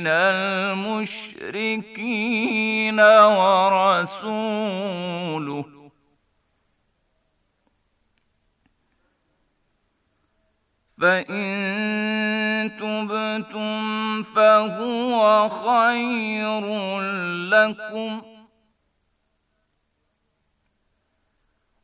من المشركين ورسوله فإن تبتم فهو خير لكم ۖ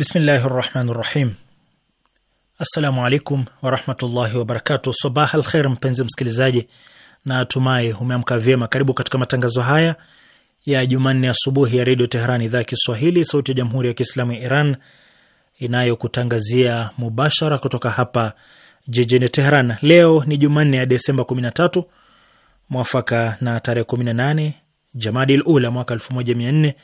Bismillahi rahmani rahim. Assalamu alaikum warahmatullahi wabarakatu. Sabah al kher, mpenzi msikilizaji, na atumai umeamka vyema. Karibu katika matangazo haya ya Jumanne asubuhi ya Redio Tehran, idhaa ya Kiswahili, sauti ya Jamhuri ya Kiislamu ya Iran inayokutangazia mubashara kutoka hapa jijini teheran Leo ni Jumanne ya Desemba 13 mwafaka na tarehe 18 Jamadil Ula mwaka 1400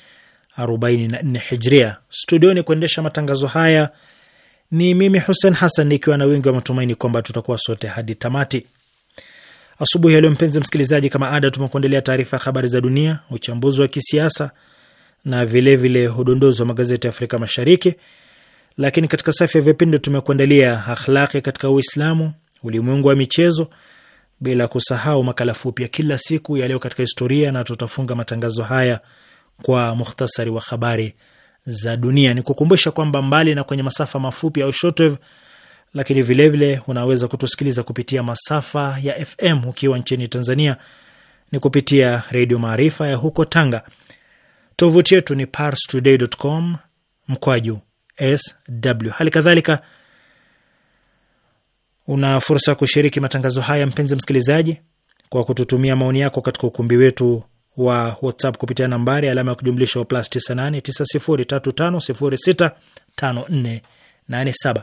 44 Hijria. Studioni kuendesha matangazo haya ni mimi Hussein Hassan, nikiwa na wingi wa matumaini kwamba tutakuwa sote hadi tamati asubuhi ya leo. Mpenzi msikilizaji, kama ada, tumekuandalia taarifa ya habari za dunia, uchambuzi wa kisiasa na vilevile udondozi wa magazeti ya Afrika Mashariki. Lakini katika safu ya vipindi tumekuandalia akhlaki katika Uislamu, ulimwengu wa michezo, bila kusahau makala fupi ya kila siku ya leo katika historia, na tutafunga matangazo haya kwa mukhtasari wa habari za dunia. Ni kukumbusha kwamba mbali na kwenye masafa mafupi au shortwave, lakini vilevile vile unaweza kutusikiliza kupitia masafa ya FM ukiwa nchini Tanzania ni kupitia Redio Maarifa ya huko Tanga. Tovuti yetu ni parstoday.com mkwaju sw. Hali kadhalika una fursa ya kushiriki matangazo haya, mpenzi msikilizaji, kwa kututumia maoni yako katika ukumbi wetu wa WhatsApp kupitia nambari alama ya kujumlisha wa plus 98 9035065487.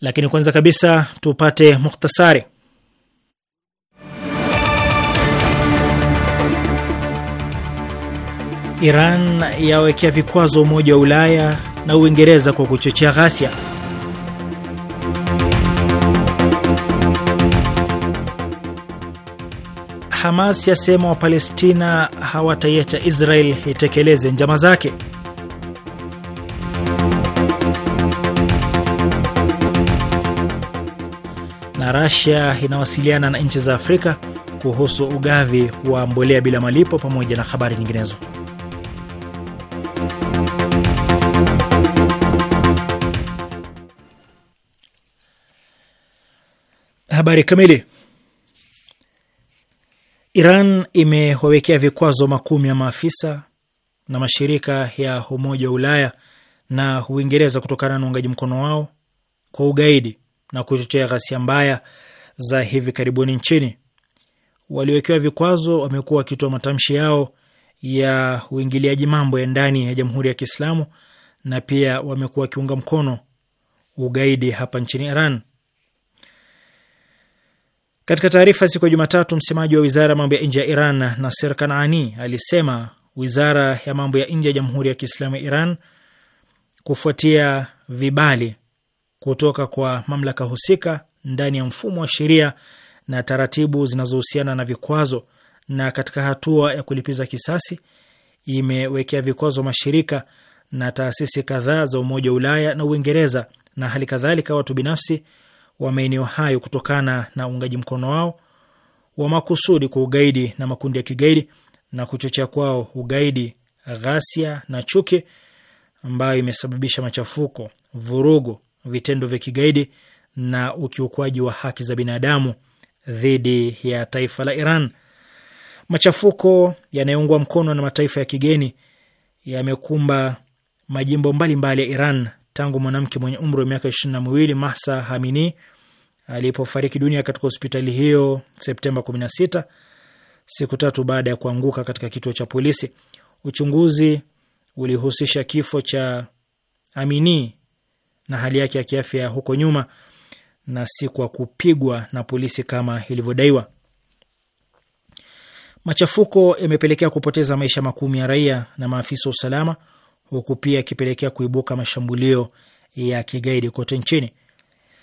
lakini kwanza kabisa tupate muhtasari. Iran yawekea vikwazo Umoja wa Ulaya na Uingereza kwa kuchochea ghasia. Hamas yasema Wapalestina hawataiacha Israel itekeleze njama zake. Rasia inawasiliana na nchi za Afrika kuhusu ugavi wa mbolea bila malipo, pamoja na habari nyinginezo. Habari kamili. Iran imewawekea vikwazo makumi ya maafisa na mashirika ya Umoja wa Ulaya na Uingereza kutokana na uungaji mkono wao kwa ugaidi na kuchochea ghasia mbaya za hivi karibuni nchini. Waliowekewa vikwazo wamekuwa wakitoa matamshi yao ya uingiliaji mambo ya ndani ya Jamhuri ya Kiislamu na pia wamekuwa wakiunga mkono ugaidi hapa nchini Iran. Katika taarifa siku ya Jumatatu, msemaji wa wizara ya mambo ya nje ya Iran Naser Kanani alisema wizara ya mambo ya nje ya Jamhuri ya Kiislamu ya Iran kufuatia vibali kutoka kwa mamlaka husika ndani ya mfumo wa sheria na taratibu zinazohusiana na vikwazo, na katika hatua ya kulipiza kisasi imewekea vikwazo mashirika na taasisi kadhaa za Umoja wa Ulaya na Uingereza na hali kadhalika watu binafsi wa maeneo hayo kutokana na uungaji mkono wao wa makusudi kwa ugaidi na makundi ya kigaidi na kuchochea kwao ugaidi, ghasia na chuki ambayo imesababisha machafuko, vurugu vitendo vya kigaidi na ukiukwaji wa haki za binadamu dhidi ya taifa la Iran. Machafuko yanayoungwa mkono na mataifa ya kigeni yamekumba majimbo mbalimbali mbali ya Iran tangu mwanamke mwenye umri wa miaka ishirini na miwili Mahsa Amini alipofariki dunia katika hospitali hiyo Septemba 16 siku tatu baada ya kuanguka katika kituo cha polisi. Uchunguzi ulihusisha kifo cha Amini na hali yake ya kiafya huko nyuma na si kwa kupigwa na polisi kama ilivyodaiwa. Machafuko yamepelekea kupoteza maisha makumi ya raia na maafisa wa usalama, huku pia yakipelekea kuibuka mashambulio ya kigaidi kote nchini.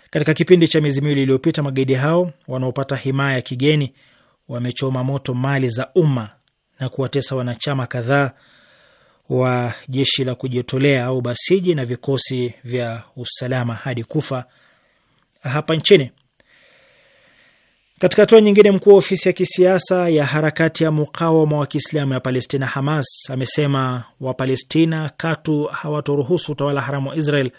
Katika kipindi cha miezi miwili iliyopita, magaidi hao wanaopata himaya ya kigeni wamechoma moto mali za umma na kuwatesa wanachama kadhaa wa jeshi la kujitolea au Basiji na vikosi vya usalama hadi Kufa hapa nchini. Katika hatua nyingine, mkuu wa ofisi ya kisiasa ya harakati ya mukawama wa kiislamu ya Palestina, Hamas, amesema Wapalestina katu hawatoruhusu utawala haramu wa Israel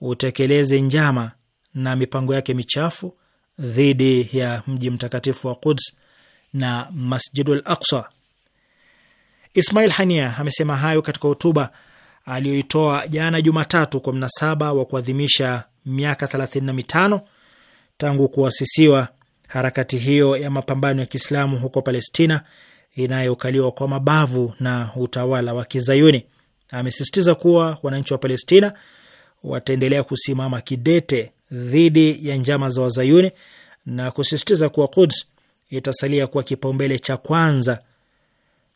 utekeleze njama na mipango yake michafu dhidi ya mji mtakatifu wa Quds na Masjidul Aqsa. Ismail Hania amesema hayo katika hotuba aliyoitoa jana Jumatatu kwa mnasaba wa kuadhimisha miaka 35 tangu kuasisiwa harakati hiyo ya mapambano ya Kiislamu huko Palestina inayokaliwa kwa mabavu na utawala wa Kizayuni. Amesisitiza kuwa wananchi wa Palestina wataendelea kusimama kidete dhidi ya njama za Wazayuni na kusisitiza kuwa Quds itasalia kuwa kipaumbele cha kwanza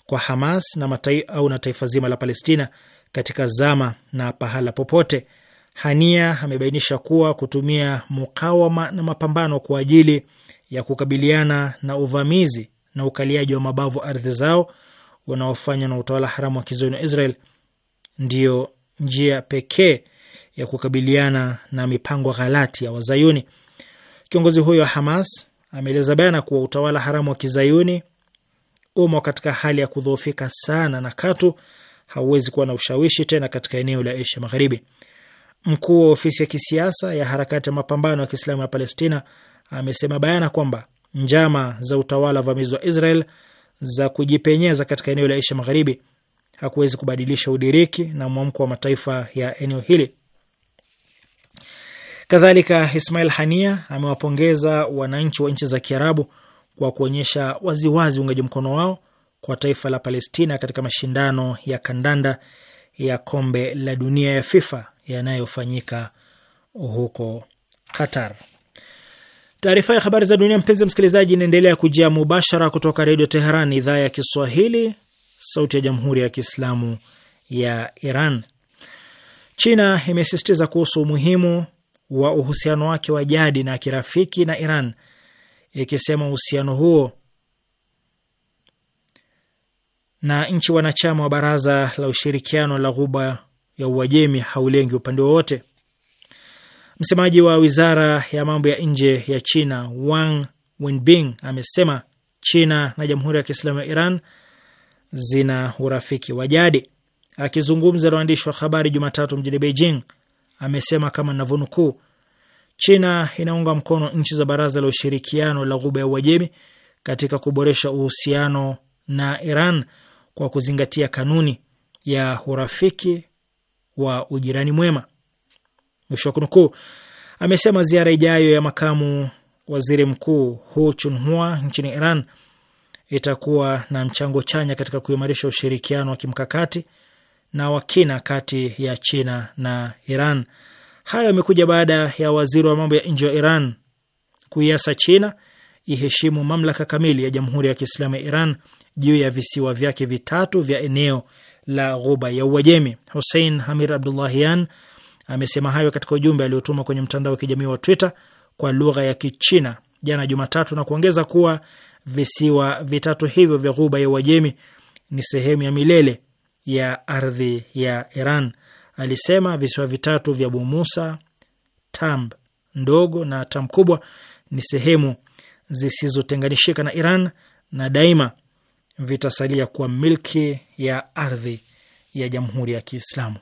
kwa Hamas na matai, au na taifa zima la Palestina katika zama na pahala popote. Hania amebainisha kuwa kutumia mukawama na mapambano kwa ajili ya kukabiliana na uvamizi na ukaliaji wa mabavu ardhi zao unaofanywa na utawala haramu wa kizoni wa Israel ndiyo njia pekee ya kukabiliana na mipango ghalati ya Wazayuni. Kiongozi huyo wa Hamas ameeleza bayana kuwa utawala haramu wa kizayuni umo katika hali ya kudhoofika sana na katu hauwezi kuwa na ushawishi tena katika eneo la Asia Magharibi. Mkuu wa ofisi ya kisiasa ya harakati ya mapambano ya Kiislamu ya Palestina amesema bayana kwamba njama za utawala vamizi wa Israel za kujipenyeza katika eneo la Asia Magharibi hakuwezi kubadilisha udiriki na mwamko wa mataifa ya eneo hili. Kadhalika, Ismail Hania amewapongeza wananchi wa nchi za Kiarabu wa kuonyesha waziwazi uungaji mkono wao kwa taifa la Palestina katika mashindano ya kandanda ya kombe la dunia ya FIFA yanayofanyika huko Qatar. Taarifa ya habari za dunia, mpenzi msikilizaji, inaendelea kujia mubashara kutoka Redio Teheran, idhaa ya Kiswahili, sauti ya Jamhuri ya Kiislamu ya Iran. China imesisitiza kuhusu umuhimu wa uhusiano wake wa jadi na kirafiki na Iran ikisema uhusiano huo na nchi wanachama wa Baraza la Ushirikiano la Ghuba ya Uajemi haulengi upande wowote. Msemaji wa wizara ya mambo ya nje ya China Wang Wenbing amesema China na Jamhuri ya Kiislamu ya Iran zina urafiki wa jadi. Akizungumza na waandishi wa habari Jumatatu mjini Beijing, amesema kama navyonukuu, China inaunga mkono nchi za Baraza la Ushirikiano la Ghuba ya Uajemi katika kuboresha uhusiano na Iran kwa kuzingatia kanuni ya urafiki wa ujirani mwema, mwisho wa kunukuu. Amesema ziara ijayo ya makamu waziri mkuu Hu Chunhua nchini Iran itakuwa na mchango chanya katika kuimarisha ushirikiano wa kimkakati na wa kina kati ya China na Iran hayo yamekuja baada ya waziri wa mambo ya nje wa Iran kuiasa China iheshimu mamlaka kamili ya Jamhuri ya Kiislamu ya Iran juu ya visiwa vyake vitatu vya eneo la Ghuba ya Uajemi. Hussein Hamir Abdullahian amesema hayo katika ujumbe aliotuma kwenye mtandao wa kijamii wa Twitter kwa lugha ya Kichina jana Jumatatu, na kuongeza kuwa visiwa vitatu hivyo vya Ghuba ya Uajemi ni sehemu ya milele ya ardhi ya Iran alisema visiwa vitatu vya Bumusa, Tamb ndogo na Tamb kubwa ni sehemu zisizotenganishika na Iran na daima vitasalia kuwa milki ya ardhi ya Jamhuri ya Kiislamu.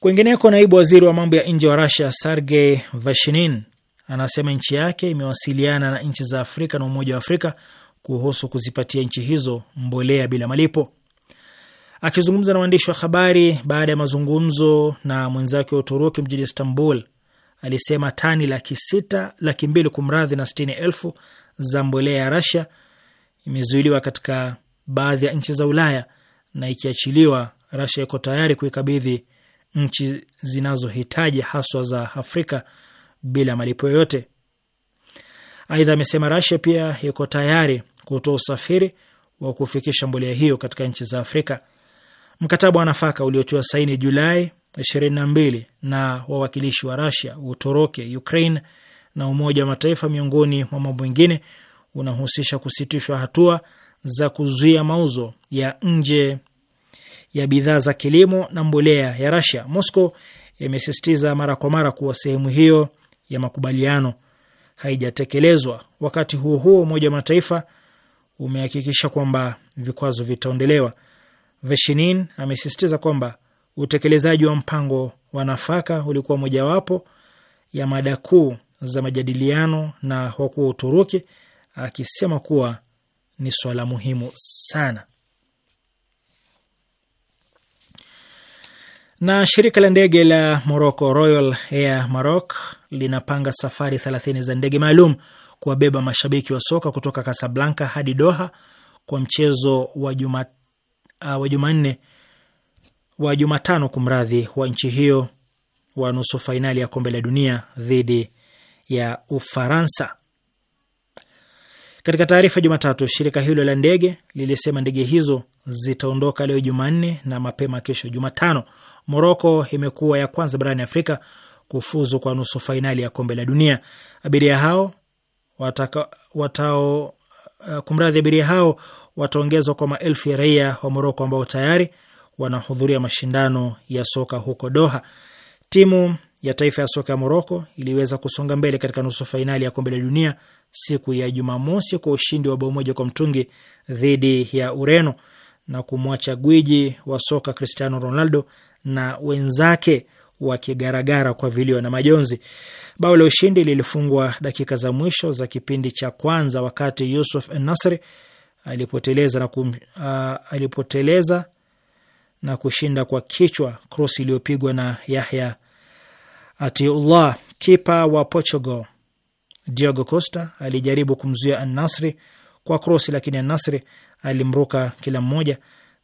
Kwingineko, naibu waziri wa mambo ya nje wa rusia Sergey Vashinin anasema nchi yake imewasiliana na nchi za Afrika na Umoja wa Afrika kuhusu kuzipatia nchi hizo mbolea bila malipo. Akizungumza na waandishi wa habari baada ya mazungumzo na mwenzake wa Uturuki mjini Istanbul, alisema tani laki sita laki mbili kumradhi na sitini elfu za mbolea ya Rasia imezuiliwa katika baadhi ya nchi za Ulaya na ikiachiliwa, Rasia iko tayari kuikabidhi nchi zinazohitaji haswa za Afrika bila malipo yoyote. Aidha amesema Rasia pia iko tayari kutoa usafiri wa kufikisha mbolea hiyo katika nchi za Afrika. Mkataba wa nafaka uliotiwa saini Julai 22 na wawakilishi wa Rasia, Utoroke, Ukraine na Umoja wa Mataifa miongoni mwa mambo mengine unahusisha kusitishwa hatua za kuzuia mauzo ya nje ya bidhaa za kilimo na mbolea ya Rasia. Moscow imesisitiza mara kwa mara kuwa sehemu hiyo ya makubaliano haijatekelezwa. Wakati huo huo, Umoja wa Mataifa umehakikisha kwamba vikwazo vitaondolewa. Veshinin amesisitiza kwamba utekelezaji wa mpango wa nafaka ulikuwa mojawapo ya mada kuu za majadiliano na wakuu wa Uturuki, akisema kuwa ni swala muhimu sana. Na shirika la ndege la Morocco, Royal Air Maroc, linapanga safari thelathini za ndege maalum kuwabeba mashabiki wa soka kutoka Kasablanka hadi Doha kwa mchezo wa Jumatatu uh, wa Jumanne wa Jumatano kumradhi wa nchi hiyo wa nusu fainali ya kombe la dunia dhidi ya Ufaransa. Katika taarifa Jumatatu, shirika hilo la ndege lilisema ndege hizo zitaondoka leo Jumanne na mapema kesho Jumatano. Moroko imekuwa ya kwanza barani Afrika kufuzu kwa nusu fainali ya kombe la dunia. Abiria hao wata watao, uh, kumradhi abiria hao wataongezwa kwa maelfu ya raia wa Moroko ambao tayari wanahudhuria mashindano ya soka huko Doha. Timu ya taifa ya soka ya Moroko iliweza kusonga mbele katika nusu fainali ya kombe la dunia siku ya Jumamosi kwa ushindi wa bao moja kwa mtungi dhidi ya Ureno na kumwacha gwiji wa soka Cristiano Ronaldo na wenzake wakigaragara kwa vilio na majonzi. Bao la ushindi lilifungwa dakika za mwisho za kipindi cha kwanza wakati Yusuf Nasri alipoteleza na, kum, uh, alipoteleza na kushinda kwa kichwa cross iliyopigwa na Yahya Atiullah. Kipa wa Portugal Diogo Costa alijaribu kumzuia anasri kwa cross, lakini anasri alimruka kila mmoja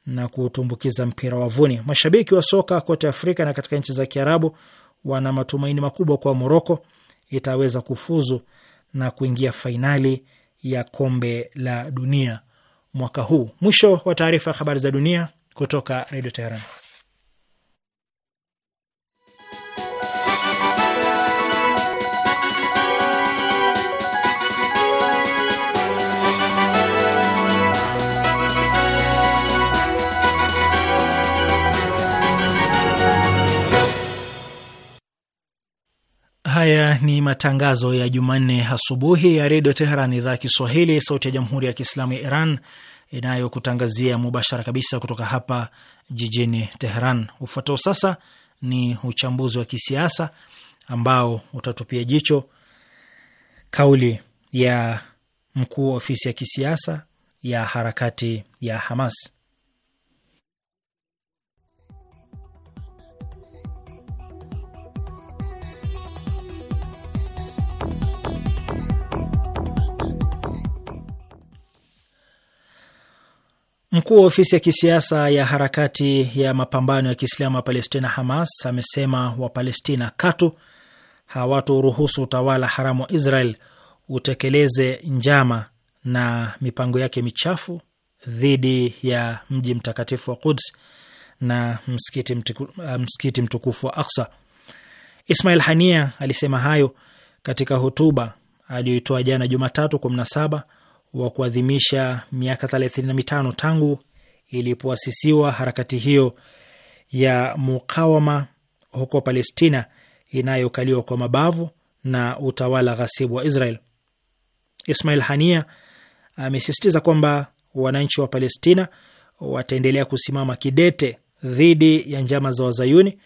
na kutumbukiza mpira wavuni. Mashabiki wa soka kote Afrika na katika nchi za Kiarabu wana matumaini makubwa kwa Moroko itaweza kufuzu na kuingia fainali ya kombe la dunia mwaka huu. Mwisho wa taarifa ya habari za dunia kutoka Redio Teheran. Haya ni matangazo ya Jumanne asubuhi ya redio Teheran, idhaa ya Kiswahili, sauti ya jamhuri ya kiislamu ya Iran, inayokutangazia mubashara kabisa kutoka hapa jijini Teheran. Ufuatao sasa ni uchambuzi wa kisiasa ambao utatupia jicho kauli ya mkuu wa ofisi ya kisiasa ya harakati ya Hamas. Mkuu wa ofisi ya kisiasa ya harakati ya mapambano ya Kiislamu ya Palestina, Hamas, amesema Wapalestina katu hawatoruhusu utawala haramu wa Israel utekeleze njama na mipango yake michafu dhidi ya mji mtakatifu wa Quds na msikiti, mtiku, uh, msikiti mtukufu wa Aksa. Ismail Hania alisema hayo katika hotuba aliyoitoa jana Jumatatu kumi na saba wa kuadhimisha miaka 35 tangu ilipoasisiwa harakati hiyo ya mukawama huko Palestina inayokaliwa kwa mabavu na utawala ghasibu wa Israel. Ismail Hania amesisitiza kwamba wananchi wa Palestina wataendelea kusimama kidete dhidi ya njama za Wazayuni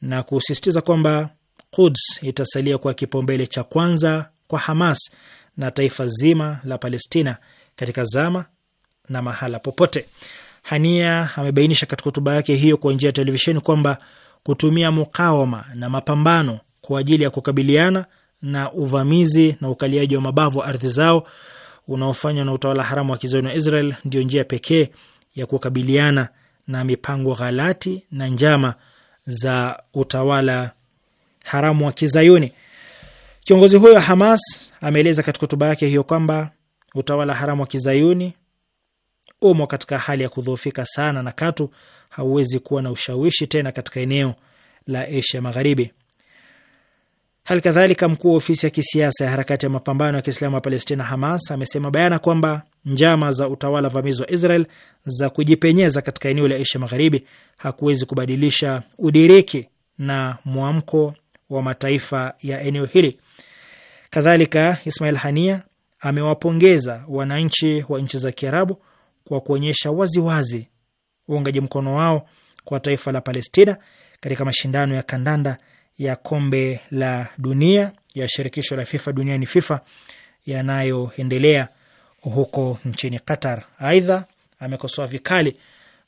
na kusisitiza kwamba Quds itasalia kwa kipaumbele cha kwanza kwa Hamas na taifa zima la Palestina katika zama na mahala popote. Hania amebainisha katika hotuba yake hiyo kwa njia ya televisheni kwamba kutumia mukawama na mapambano kwa ajili ya kukabiliana na uvamizi na ukaliaji wa mabavu wa ardhi zao unaofanywa na utawala haramu wa kizayuni wa Israel ndiyo njia pekee ya kukabiliana na mipango ghalati na njama za utawala haramu wa kizayuni. Kiongozi huyo wa Hamas ameeleza katika hotuba yake hiyo kwamba utawala haramu wa kizayuni umo katika hali ya kudhoofika sana na katu hauwezi kuwa na ushawishi tena katika eneo la Asia Magharibi. Hali kadhalika mkuu wa ofisi ya kisiasa ya harakati ya mapambano ya Kiislamu ya Palestina, Hamas, amesema bayana kwamba njama za utawala vamizi wa Israel za kujipenyeza katika eneo la Asia Magharibi hakuwezi kubadilisha udiriki na mwamko wa mataifa ya eneo hili. Kadhalika, Ismail Hania amewapongeza wananchi wa nchi za Kiarabu kwa kuonyesha waziwazi uungaji mkono wao kwa taifa la Palestina katika mashindano ya kandanda ya kombe la dunia ya shirikisho la FIFA duniani FIFA yanayoendelea huko nchini Qatar. Aidha, amekosoa vikali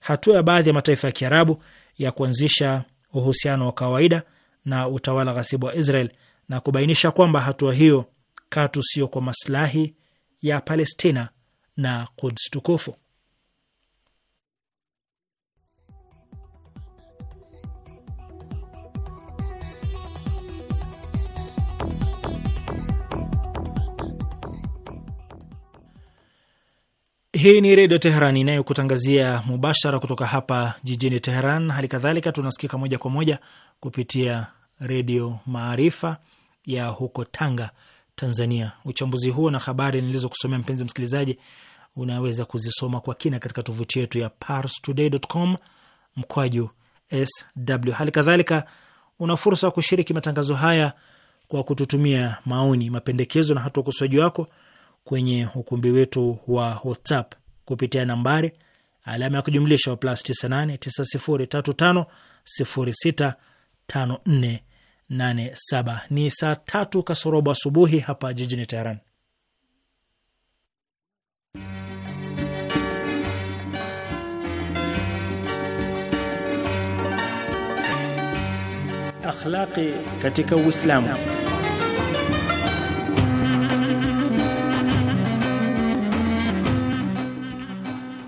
hatua ya baadhi ya mataifa ya Kiarabu ya kuanzisha uhusiano wa kawaida na utawala ghasibu wa Israel na kubainisha kwamba hatua hiyo katu sio kwa maslahi ya Palestina na Kuds tukufu. Hii ni Redio Teheran inayokutangazia mubashara kutoka hapa jijini Teheran. Hali kadhalika tunasikika moja kwa moja kupitia Redio Maarifa ya huko Tanga, Tanzania. Uchambuzi huo na habari nilizokusomea mpenzi msikilizaji, unaweza kuzisoma kwa kina katika tovuti yetu ya parstoday.com mkwaju sw. Hali kadhalika una fursa ya kushiriki matangazo haya kwa kututumia maoni, mapendekezo na hata ukosoaji wako kwenye ukumbi wetu wa WhatsApp kupitia nambari alama ya kujumlisha wa plus 98 90350654 87 ni saa tatu kasorobo asubuhi hapa jijini Teheran. Akhlaqi katika Uislamu.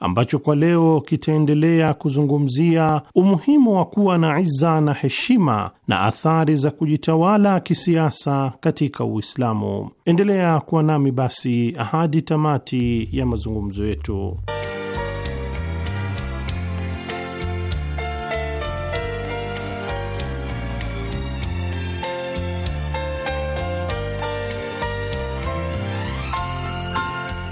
ambacho kwa leo kitaendelea kuzungumzia umuhimu wa kuwa na iza na heshima na athari za kujitawala kisiasa katika Uislamu. Endelea kuwa nami basi hadi tamati ya mazungumzo yetu.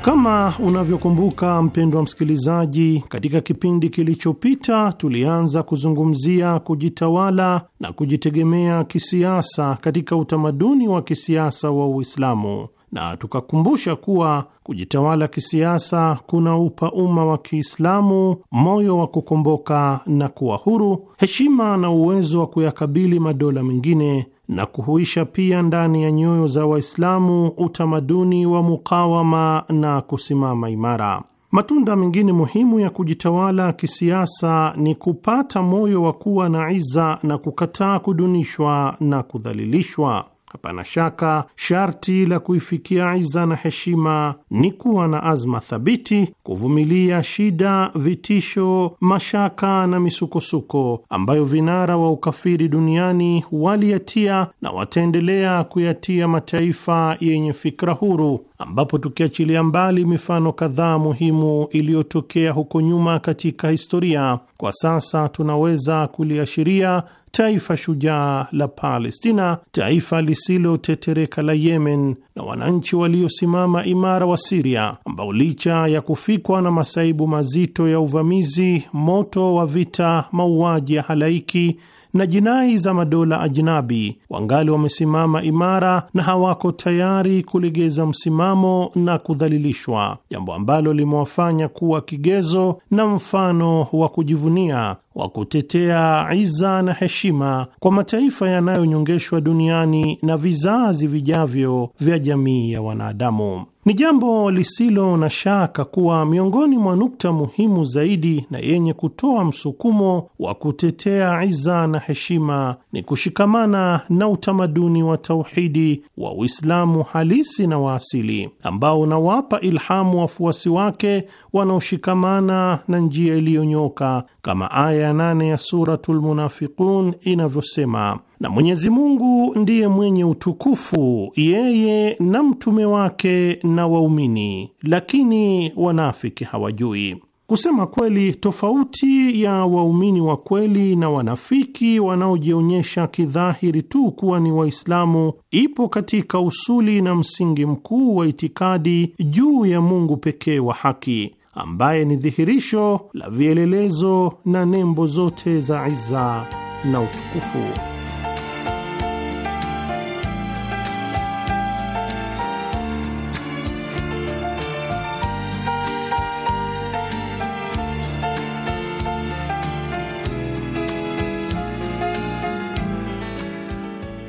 Kama unavyokumbuka mpendwa msikilizaji, katika kipindi kilichopita tulianza kuzungumzia kujitawala na kujitegemea kisiasa katika utamaduni wa kisiasa wa Uislamu na tukakumbusha kuwa kujitawala kisiasa kunaupa umma wa Kiislamu moyo wa kukomboka na kuwa huru, heshima na uwezo wa kuyakabili madola mengine na kuhuisha pia ndani ya nyoyo za Waislamu utamaduni wa mukawama na kusimama imara. Matunda mengine muhimu ya kujitawala kisiasa ni kupata moyo wa kuwa na iza na kukataa kudunishwa na kudhalilishwa. Hapana shaka sharti la kuifikia iza na heshima ni kuwa na azma thabiti, kuvumilia shida, vitisho, mashaka na misukosuko ambayo vinara wa ukafiri duniani waliyatia na wataendelea kuyatia mataifa yenye fikra huru, ambapo tukiachilia mbali mifano kadhaa muhimu iliyotokea huko nyuma katika historia, kwa sasa tunaweza kuliashiria taifa shujaa la Palestina, taifa lisilotetereka la Yemen na wananchi waliosimama imara wa Siria, ambao licha ya kufikwa na masaibu mazito ya uvamizi, moto wa vita, mauaji ya halaiki na jinai za madola ajnabi, wangali wamesimama imara na hawako tayari kulegeza msimamo na kudhalilishwa, jambo ambalo limewafanya kuwa kigezo na mfano wa kujivunia wa kutetea iza na heshima kwa mataifa yanayonyongeshwa duniani na vizazi vijavyo vya jamii ya wanadamu. Ni jambo lisilo na shaka kuwa miongoni mwa nukta muhimu zaidi na yenye kutoa msukumo wa kutetea iza na heshima ni kushikamana na utamaduni wa tauhidi wa Uislamu halisi na waasili ambao unawapa ilhamu wafuasi wake wanaoshikamana na njia iliyonyoka kama aya ya nane ya Suratul Munafiqun inavyosema: na Mwenyezi Mungu ndiye mwenye utukufu, yeye na mtume wake na waumini, lakini wanafiki hawajui. Kusema kweli, tofauti ya waumini wa kweli na wanafiki wanaojionyesha kidhahiri tu kuwa ni Waislamu ipo katika usuli na msingi mkuu wa itikadi juu ya Mungu pekee wa haki ambaye ni dhihirisho la vielelezo na nembo zote za iza na utukufu.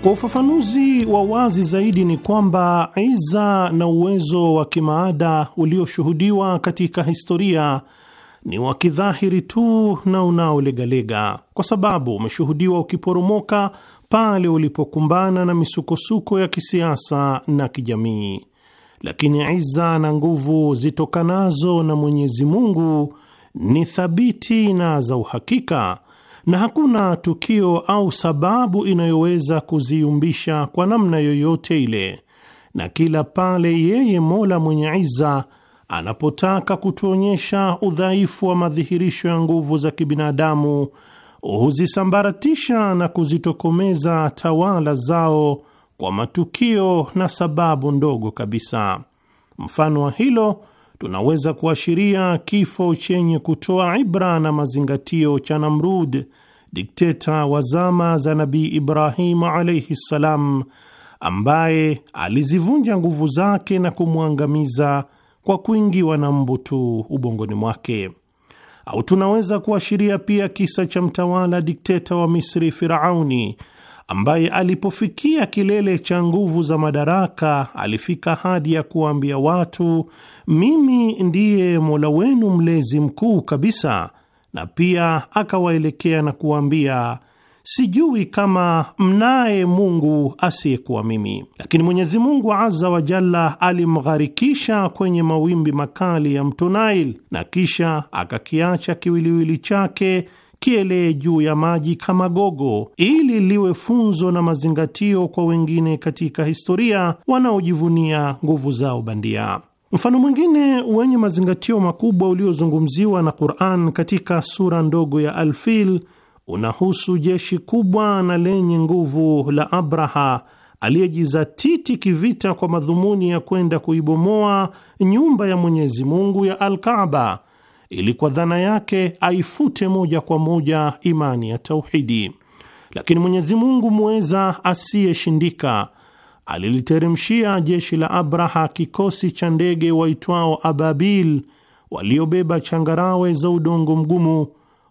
Kwa ufafanuzi wa wazi zaidi ni kwamba iza na uwezo wa kimaada ulioshuhudiwa katika historia ni wa kidhahiri tu na unaolegalega, kwa sababu umeshuhudiwa ukiporomoka pale ulipokumbana na misukosuko ya kisiasa na kijamii. Lakini iza na nguvu zitokanazo na Mwenyezi Mungu ni thabiti na za uhakika na hakuna tukio au sababu inayoweza kuziumbisha kwa namna yoyote ile, na kila pale yeye Mola mwenye iza anapotaka kutuonyesha udhaifu wa madhihirisho ya nguvu za kibinadamu huzisambaratisha na kuzitokomeza tawala zao kwa matukio na sababu ndogo kabisa. Mfano wa hilo tunaweza kuashiria kifo chenye kutoa ibra na mazingatio cha Namrud, dikteta wa zama za Nabii Ibrahimu alaihi ssalam, ambaye alizivunja nguvu zake na kumwangamiza kwa kuingiwa na mbu tu ubongoni mwake. Au tunaweza kuashiria pia kisa cha mtawala dikteta wa Misri Firauni ambaye alipofikia kilele cha nguvu za madaraka alifika hadi ya kuwaambia watu, mimi ndiye Mola wenu mlezi mkuu kabisa, na pia akawaelekea na kuwaambia Sijui kama mnaye Mungu asiyekuwa mimi. Lakini Mwenyezi Mungu azza wa jalla alimgharikisha kwenye mawimbi makali ya mto Nile na kisha akakiacha kiwiliwili chake kielee juu ya maji kama gogo, ili liwe funzo na mazingatio kwa wengine katika historia wanaojivunia nguvu zao bandia. Mfano mwingine wenye mazingatio makubwa uliozungumziwa na Qur'an katika sura ndogo ya alfil unahusu jeshi kubwa na lenye nguvu la Abraha aliyejizatiti kivita kwa madhumuni ya kwenda kuibomoa nyumba ya Mwenyezi Mungu ya alkaba ili kwa dhana yake aifute moja kwa moja imani ya tauhidi. Lakini Mwenyezi Mungu mweza asiyeshindika aliliteremshia jeshi la Abraha kikosi cha ndege waitwao ababil waliobeba changarawe za udongo mgumu,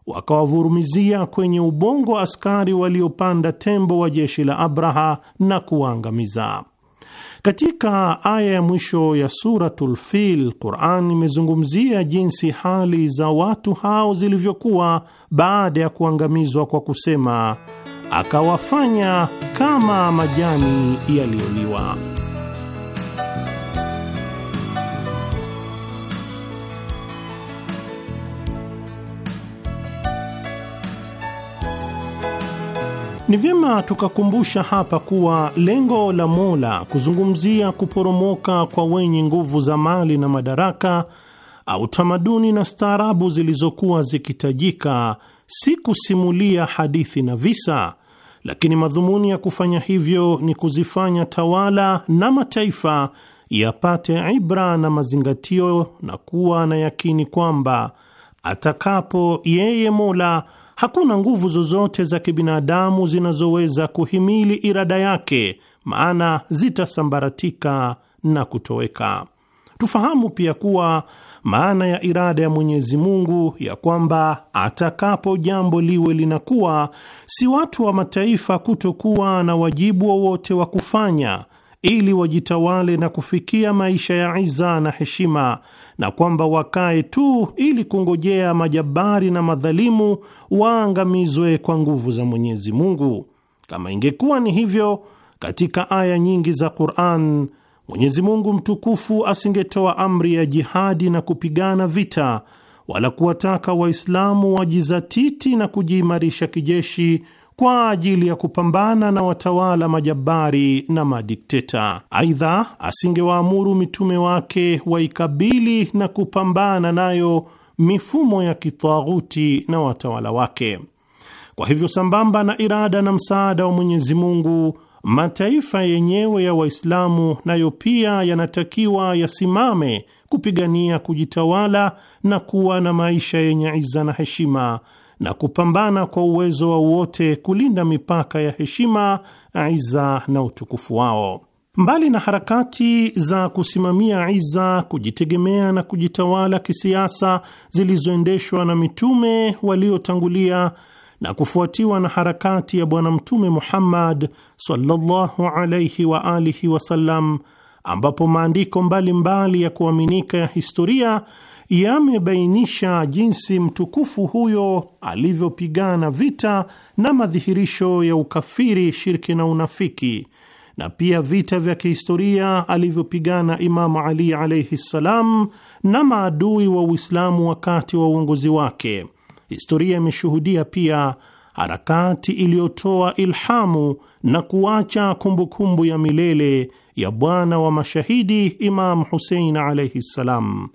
wakawavurumizia kwenye ubongo askari waliopanda tembo wa jeshi la Abraha na kuwaangamiza. Katika aya ya mwisho ya Suratul Fil, Quran imezungumzia jinsi hali za watu hao zilivyokuwa baada ya kuangamizwa kwa kusema, akawafanya kama majani yaliyoliwa. Ni vyema tukakumbusha hapa kuwa lengo la Mola kuzungumzia kuporomoka kwa wenye nguvu za mali na madaraka au tamaduni na staarabu zilizokuwa zikitajika, si kusimulia hadithi na visa, lakini madhumuni ya kufanya hivyo ni kuzifanya tawala na mataifa yapate ibra na mazingatio na kuwa na yakini kwamba atakapo yeye Mola hakuna nguvu zozote za kibinadamu zinazoweza kuhimili irada yake, maana zitasambaratika na kutoweka. Tufahamu pia kuwa maana ya irada ya Mwenyezi Mungu ya kwamba atakapo jambo liwe linakuwa, si watu wa mataifa kutokuwa na wajibu wowote wa, wa kufanya ili wajitawale na kufikia maisha ya iza na heshima, na kwamba wakae tu ili kungojea majabari na madhalimu waangamizwe kwa nguvu za Mwenyezi Mungu. Kama ingekuwa ni hivyo, katika aya nyingi za Qur'an Mwenyezi Mungu mtukufu asingetoa amri ya jihadi na kupigana vita wala kuwataka Waislamu wajizatiti na kujiimarisha kijeshi kwa ajili ya kupambana na watawala majabari na madikteta. Aidha, asingewaamuru mitume wake waikabili na kupambana nayo mifumo ya kitaghuti na watawala wake. Kwa hivyo, sambamba na irada na msaada wa Mwenyezi Mungu, mataifa yenyewe ya Waislamu nayo pia yanatakiwa yasimame kupigania kujitawala na kuwa na maisha yenye iza na heshima na kupambana kwa uwezo wa wote kulinda mipaka ya heshima, iza na utukufu wao. Mbali na harakati za kusimamia iza, kujitegemea na kujitawala kisiasa zilizoendeshwa na mitume waliotangulia na kufuatiwa na harakati ya Bwana Mtume Muhammad sallallahu wa alihi wasallam ambapo maandiko mbalimbali mbali ya kuaminika ya historia yamebainisha jinsi mtukufu huyo alivyopigana vita na madhihirisho ya ukafiri, shirki na unafiki, na pia vita vya kihistoria alivyopigana Imamu Ali alaihi ssalam na maadui wa Uislamu wakati wa uongozi wake. Historia imeshuhudia pia harakati iliyotoa ilhamu na kuacha kumbukumbu ya milele ya bwana wa mashahidi Imamu Husein alaihi ssalam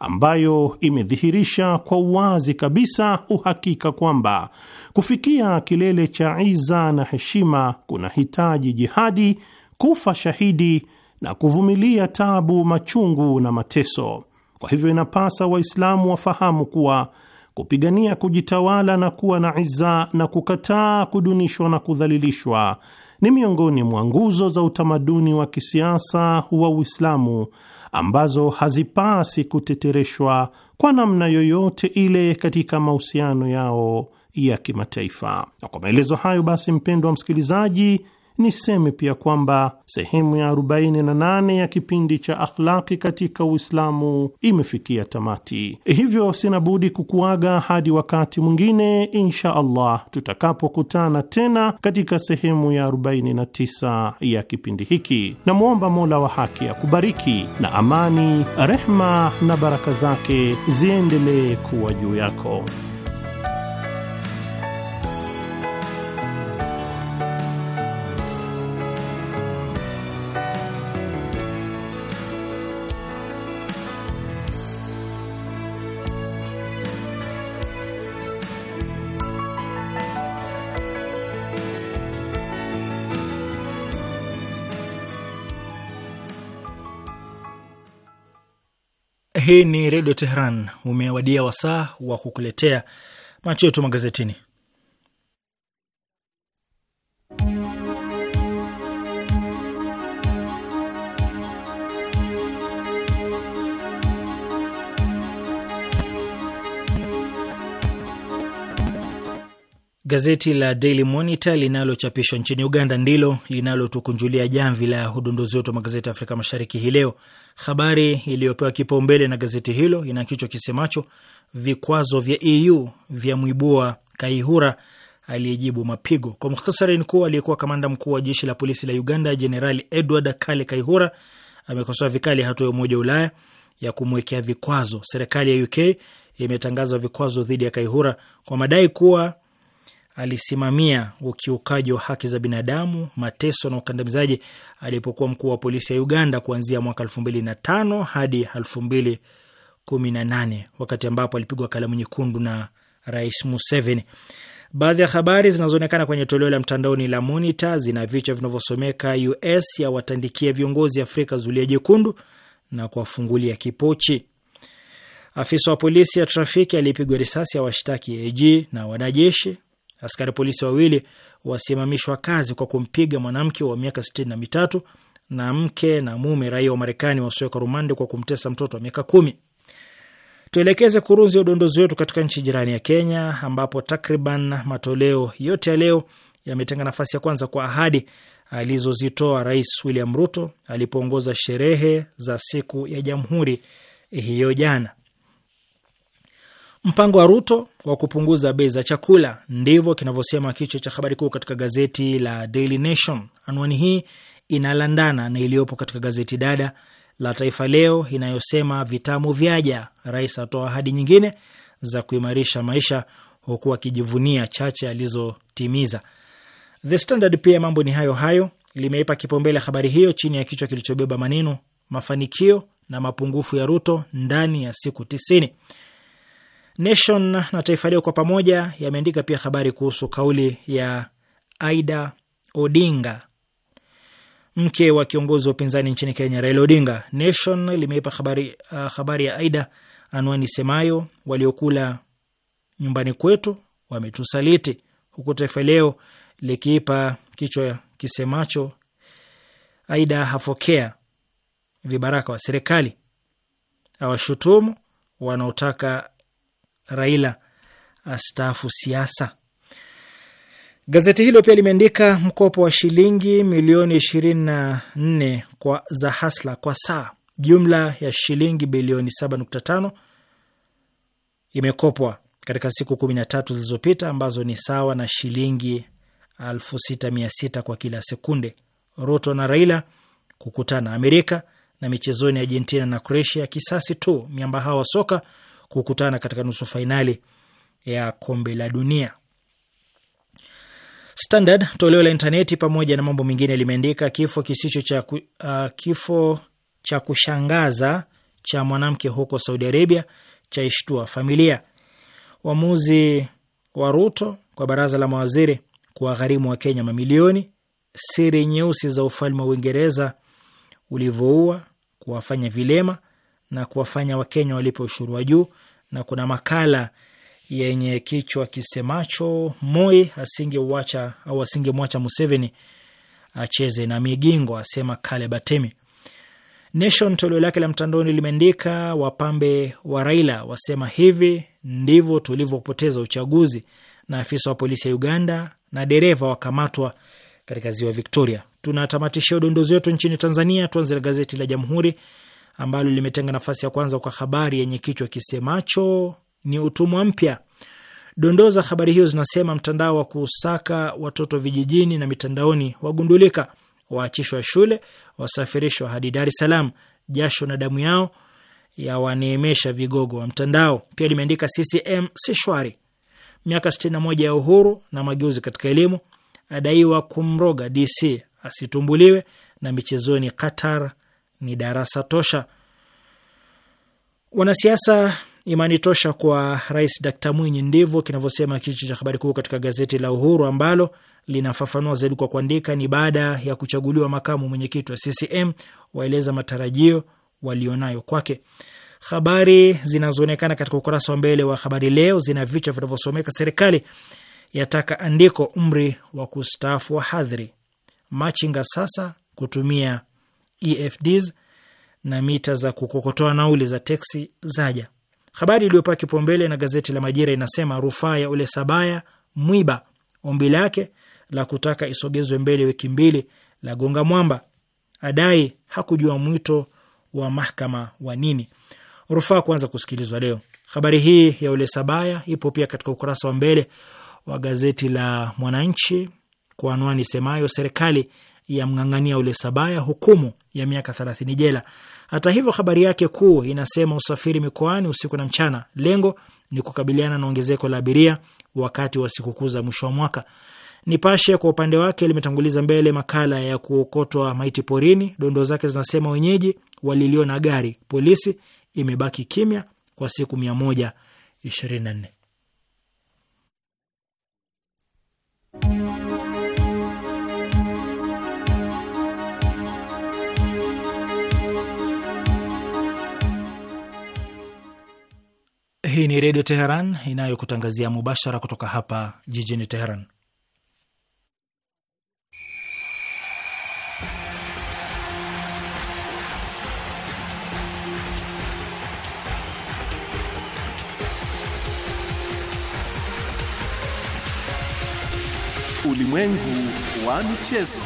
ambayo imedhihirisha kwa uwazi kabisa uhakika kwamba kufikia kilele cha iza na heshima kuna hitaji jihadi, kufa shahidi na kuvumilia tabu, machungu na mateso. Kwa hivyo inapasa Waislamu wafahamu kuwa kupigania kujitawala na kuwa na iza na kukataa kudunishwa na kudhalilishwa ni miongoni mwa nguzo za utamaduni wa kisiasa wa Uislamu ambazo hazipasi kutetereshwa kwa namna yoyote ile katika mahusiano yao ya kimataifa. Na kwa maelezo hayo basi, mpendwa msikilizaji Niseme pia kwamba sehemu ya 48 ya kipindi cha akhlaki katika Uislamu imefikia tamati, hivyo sina budi kukuaga hadi wakati mwingine insha Allah tutakapokutana tena katika sehemu ya 49 ya kipindi hiki. Namwomba Mola wa haki akubariki, na amani, rehma na baraka zake ziendelee kuwa juu yako. Hii ni Redio teheran Umewadia wasaa wa kukuletea macho yetu magazetini. Gazeti la Daily Monitor linalochapishwa nchini Uganda ndilo linalotukunjulia jamvi la udondozi wetu wa magazeti ya Afrika Mashariki hii leo. Habari iliyopewa kipaumbele na gazeti hilo ina kichwa kisemacho vikwazo vya EU vya mwibua Kaihura aliyejibu mapigo. Kwa mukhtasari, ni kuwa aliyekuwa kamanda mkuu wa jeshi la polisi la Uganda Jenerali Edward Kale Kaihura amekosoa vikali hatua ya Umoja wa Ulaya ya kumwekea vikwazo. Serikali ya UK imetangaza vikwazo dhidi ya Kaihura kwa madai kuwa alisimamia ukiukaji wa haki za binadamu, mateso na ukandamizaji alipokuwa mkuu wa polisi ya Uganda kuanzia mwaka elfu mbili na tano hadi elfu mbili kumi na nane wakati ambapo alipigwa kalamu nyekundu na Rais Museveni. Baadhi ya habari zinazoonekana kwenye toleo la mtandaoni la Monitor zina vichwa vinavyosomeka US yawatandikia viongozi Afrika zulia jekundu na kuwafungulia kipochi, afisa wa polisi ya trafiki aliyepigwa risasi ya washtaki AG na wanajeshi Askari polisi wawili wasimamishwa kazi kwa kumpiga mwanamke wa miaka sitini na mitatu na mke na mume raia wa Marekani wasiweka rumande kwa kumtesa mtoto wa miaka kumi. Tuelekeze kurunzi ya udondozi wetu katika nchi jirani ya Kenya, ambapo takriban matoleo yote ya leo yametenga nafasi ya kwanza kwa ahadi alizozitoa Rais William Ruto alipoongoza sherehe za siku ya Jamhuri hiyo jana. Mpango wa Ruto wa kupunguza bei za chakula, ndivyo kinavyosema kichwa cha habari kuu katika gazeti la Daily Nation. Anwani hii inalandana na iliyopo katika gazeti dada la Taifa Leo inayosema vitamu vyaja, rais atoa ahadi nyingine za kuimarisha maisha, huku akijivunia chache alizotimiza. The Standard pia mambo ni hayo hayo, limeipa kipaumbele habari hiyo chini ya kichwa kilichobeba maneno mafanikio na mapungufu ya Ruto ndani ya siku tisini. Nation na Taifa Leo kwa pamoja yameandika pia habari kuhusu kauli ya Aida Odinga, mke wa kiongozi wa upinzani nchini Kenya, Raila Odinga. Nation limeipa habari, uh, habari ya Aida anwani semayo, waliokula nyumbani kwetu wametusaliti, huku Taifa Leo likiipa kichwa kisemacho, Aida hafokea vibaraka wa serikali, awashutumu wanaotaka Raila astaafu siasa. Gazeti hilo pia limeandika mkopo wa shilingi milioni ishirini na nne kwa za Hasla kwa saa, jumla ya shilingi bilioni saba nukta tano imekopwa katika siku kumi na tatu zilizopita ambazo ni sawa na shilingi elfu sita mia sita kwa kila sekunde. Ruto na Raila kukutana Amerika na michezoni Argentina na Croatia, kisasi tu miamba hao wa soka kukutana katika nusu fainali ya kombe la dunia. Standard toleo la intaneti pamoja na mambo mengine limeandika kifo kisicho cha uh, kifo cha kushangaza cha mwanamke huko Saudi Arabia cha ishtua familia. Uamuzi wa Ruto kwa baraza la mawaziri kuwagharimu wa Kenya mamilioni. Siri nyeusi za ufalme wa Uingereza ulivyoua kuwafanya vilema na kuwafanya Wakenya walipe ushuru wa juu, na kuna makala yenye kichwa kisemacho Moi asingeuacha au asingemwacha Museveni acheze na migingo, asema Kale Batemi. Nation toleo lake la mtandaoni limeandika wapambe wa Raila wasema hivi ndivyo tulivyopoteza uchaguzi, na afisa wa polisi ya Uganda na dereva wakamatwa katika ziwa Victoria. Tunatamatishia udondozi wetu nchini Tanzania. Tuanze na gazeti la Jamhuri ambalo limetenga nafasi ya kwanza kwa habari yenye kichwa kisemacho ni utumwa mpya. Dondoo za habari hiyo zinasema mtandao wa kusaka watoto vijijini na mitandaoni wagundulika, waachishwa shule, wasafirishwa hadi Dar es Salaam, jasho na damu yao yawaneemesha vigogo wa mtandao. Pia limeandika CCM si shwari, miaka 61 ya uhuru na mageuzi katika elimu, adaiwa kumroga DC asitumbuliwe, na michezoni Qatar ni darasa tosha. Wanasiasa imani tosha kwa Rais Dkt Mwinyi, ndivyo kinavyosema kichwa cha habari kuu katika gazeti la Uhuru ambalo linafafanua zaidi kwa kuandika, ni baada ya kuchaguliwa makamu mwenyekiti wa CCM waeleza matarajio walionayo kwake. Habari zinazoonekana katika ukurasa wa mbele wa Habari Leo zina vichwa vinavyosomeka: serikali yataka andiko umri wa kustaafu wa wahadhiri, machinga sasa kutumia EFDs na mita za kukokotoa nauli za teksi zaja. Habari iliyopewa kipaumbele na gazeti la Majira inasema rufaa ya ule Sabaya mwiba ombi lake la kutaka isogezwe mbele wiki mbili la gonga mwamba, adai hakujua mwito wa mahakama wa nini. Rufaa kuanza kusikilizwa leo. Habari hii ya ule Sabaya ipo pia katika ukurasa wa mbele wa gazeti la Mwananchi kwa anwani semayo serikali ya mng'ang'ania ule Sabaya hukumu ya miaka thelathini jela. Hata hivyo, habari yake kuu inasema usafiri mikoani usiku na mchana, lengo ni kukabiliana na ongezeko la abiria wakati wa sikukuu za mwisho wa mwaka. Nipashe kwa upande wake limetanguliza mbele makala ya kuokotwa maiti porini. Dondoo zake zinasema wenyeji waliliona gari, polisi imebaki kimya kwa siku mia moja ishirini na nne. Hii ni Redio Teheran inayokutangazia mubashara kutoka hapa jijini Teheran. Ulimwengu wa michezo.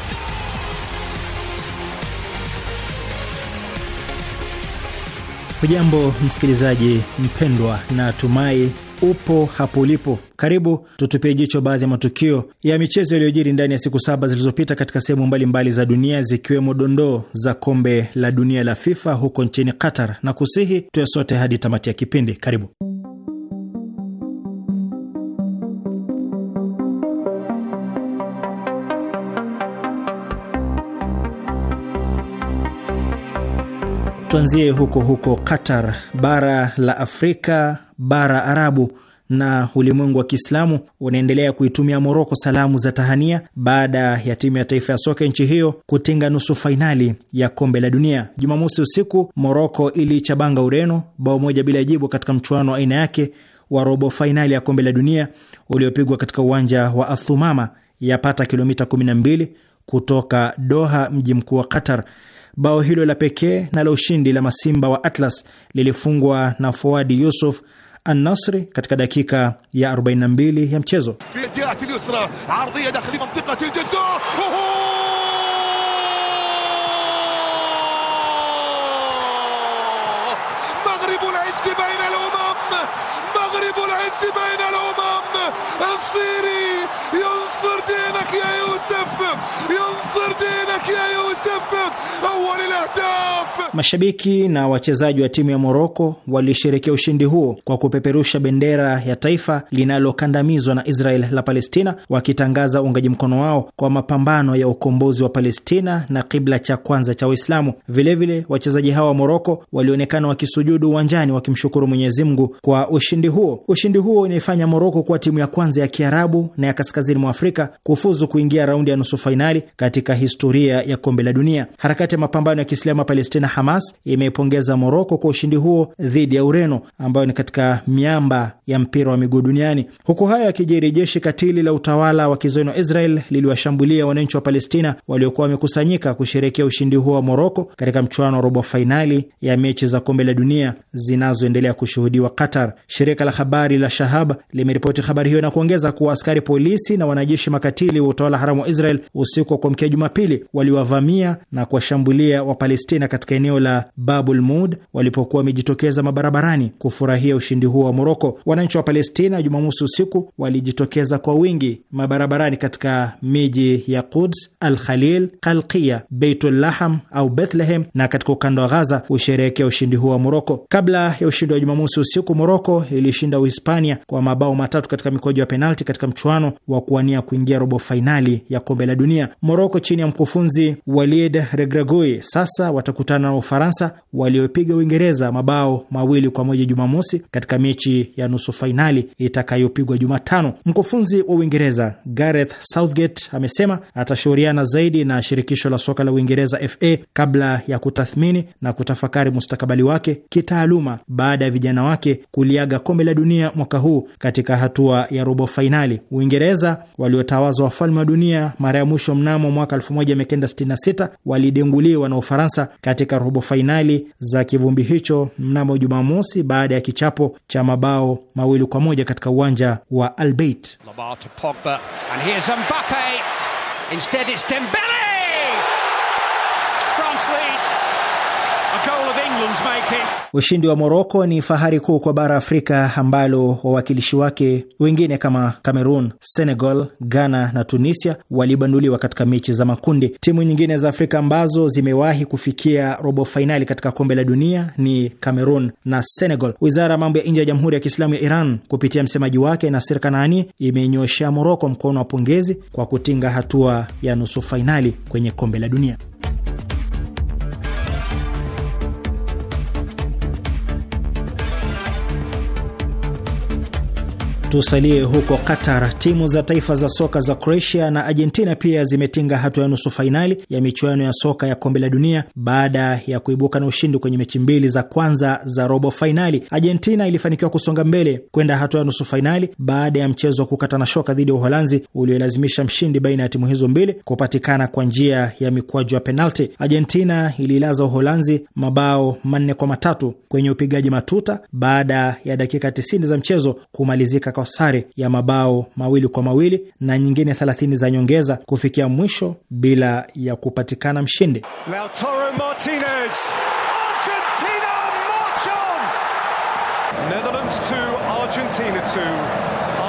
Hujambo msikilizaji mpendwa, na tumai upo hapo ulipo. Karibu tutupie jicho baadhi ya matukio ya michezo yaliyojiri ndani ya siku saba zilizopita katika sehemu mbalimbali za dunia, zikiwemo dondoo za kombe la dunia la FIFA huko nchini Qatar, na kusihi tuwe sote hadi tamati ya kipindi. Karibu. Tuanzie huko huko Qatar. Bara la Afrika, bara Arabu na ulimwengu wa Kiislamu unaendelea kuitumia Moroko salamu za tahania baada ya timu ya taifa ya soka nchi hiyo kutinga nusu fainali ya kombe la dunia. Jumamosi usiku, Moroko ilichabanga Ureno bao moja bila jibu katika mchuano wa aina yake wa robo fainali ya kombe la dunia uliopigwa katika uwanja wa Athumama yapata kilomita 12 kutoka Doha, mji mkuu wa Qatar. Bao hilo la pekee na la ushindi la masimba wa Atlas lilifungwa na Fuadi Yusuf anasri katika dakika ya 42 ya mchezo. Mashabiki na wachezaji wa timu ya Moroko walisherekea ushindi huo kwa kupeperusha bendera ya taifa linalokandamizwa na Israel la Palestina, wakitangaza uungaji mkono wao kwa mapambano ya ukombozi wa Palestina na kibla cha kwanza cha Waislamu. Vilevile, wachezaji hawa wa Moroko walionekana wakisujudu uwanjani wakimshukuru Mwenyezi Mungu kwa ushindi huo. Ushindi huo unaifanya Moroko kuwa timu ya kwanza ya Kiarabu na ya kaskazini mwa Afrika kufuzu kuingia raundi ya nusu fainali katika historia ya kombe la dunia. Harakati harakati ya mapambano ya Kiislamu ya Palestina Hamas imeipongeza Moroko kwa ushindi huo dhidi ya Ureno ambayo ni katika miamba ya mpira wa miguu duniani. Huku hayo yakijiri, jeshi katili la utawala wa kizayuni wa Israel liliwashambulia wananchi wa Palestina waliokuwa wamekusanyika kusherekea ushindi huo wa Moroko katika mchuano wa robo fainali ya mechi za kombe la dunia zinazoendelea kushuhudiwa Qatar. Shirika la habari la Shahab limeripoti habari hiyo na kuongeza kuwa askari polisi na wanajeshi makatili wa utawala haramu wa Israel usiku wa kuamkia Jumapili waliwavamia na kuwashambulia kuwashambulia Wapalestina katika eneo la Babul Mud walipokuwa wamejitokeza mabarabarani kufurahia ushindi huo wa Moroko. Wananchi wa Palestina Jumamosi usiku walijitokeza kwa wingi mabarabarani katika miji ya Quds, Al Khalil, Kalkia, Beitul Laham au Bethlehem na katika ukanda wa Ghaza husherehekea ushindi huo wa Moroko. Kabla ya ushindi wa Jumamosi usiku, Moroko ilishinda Uhispania kwa mabao matatu katika mikoja ya penalti katika mchuano wa kuwania kuingia robo fainali ya kombe la dunia. Moroko chini ya mkufunzi Walid Regrego Uruguay sasa watakutana na Ufaransa waliopiga Uingereza mabao mawili kwa moja Jumamosi katika mechi ya nusu fainali itakayopigwa Jumatano. Mkufunzi wa Uingereza Gareth Southgate amesema atashauriana zaidi na shirikisho la soka la Uingereza FA kabla ya kutathmini na kutafakari mustakabali wake kitaaluma baada ya vijana wake kuliaga kombe la dunia mwaka huu katika hatua ya robo fainali. Uingereza waliotawazwa wafalme wa dunia mara ya mwisho mnamo mwaka 1966 walid kufunguliwa na Ufaransa katika robo fainali za kivumbi hicho mnamo Jumamosi baada ya kichapo cha mabao mawili kwa moja katika uwanja wa France lead. Ushindi wa Moroko ni fahari kuu kwa bara Afrika ambalo wawakilishi wake wengine kama Cameroon, Senegal, Ghana na Tunisia walibanduliwa katika mechi za makundi. Timu nyingine za Afrika ambazo zimewahi kufikia robo fainali katika kombe la dunia ni Cameroon na Senegal. Wizara ya mambo ya nje ya Jamhuri ya Kiislamu ya Iran kupitia msemaji wake Nasir Kanani imenyoshea Moroko mkono wa pongezi kwa kutinga hatua ya nusu fainali kwenye kombe la dunia. Tusalie huko Qatar, timu za taifa za soka za Croatia na Argentina pia zimetinga hatua ya nusu fainali ya michuano ya soka ya kombe la dunia baada ya kuibuka na ushindi kwenye mechi mbili za kwanza za robo fainali. Argentina ilifanikiwa kusonga mbele kwenda hatua ya nusu fainali baada ya mchezo wa kukata na shoka dhidi ya Uholanzi uliolazimisha mshindi baina ya timu hizo mbili kupatikana kwa njia ya mikwaju ya penalti. Argentina ililaza Uholanzi mabao manne kwa matatu kwenye upigaji matuta baada ya dakika 90 za mchezo kumalizika kwa kwa sare ya mabao mawili kwa mawili na nyingine 30 za nyongeza kufikia mwisho bila ya kupatikana mshindi. Lautaro Martinez, Argentina march on! Netherlands 2, Argentina 2.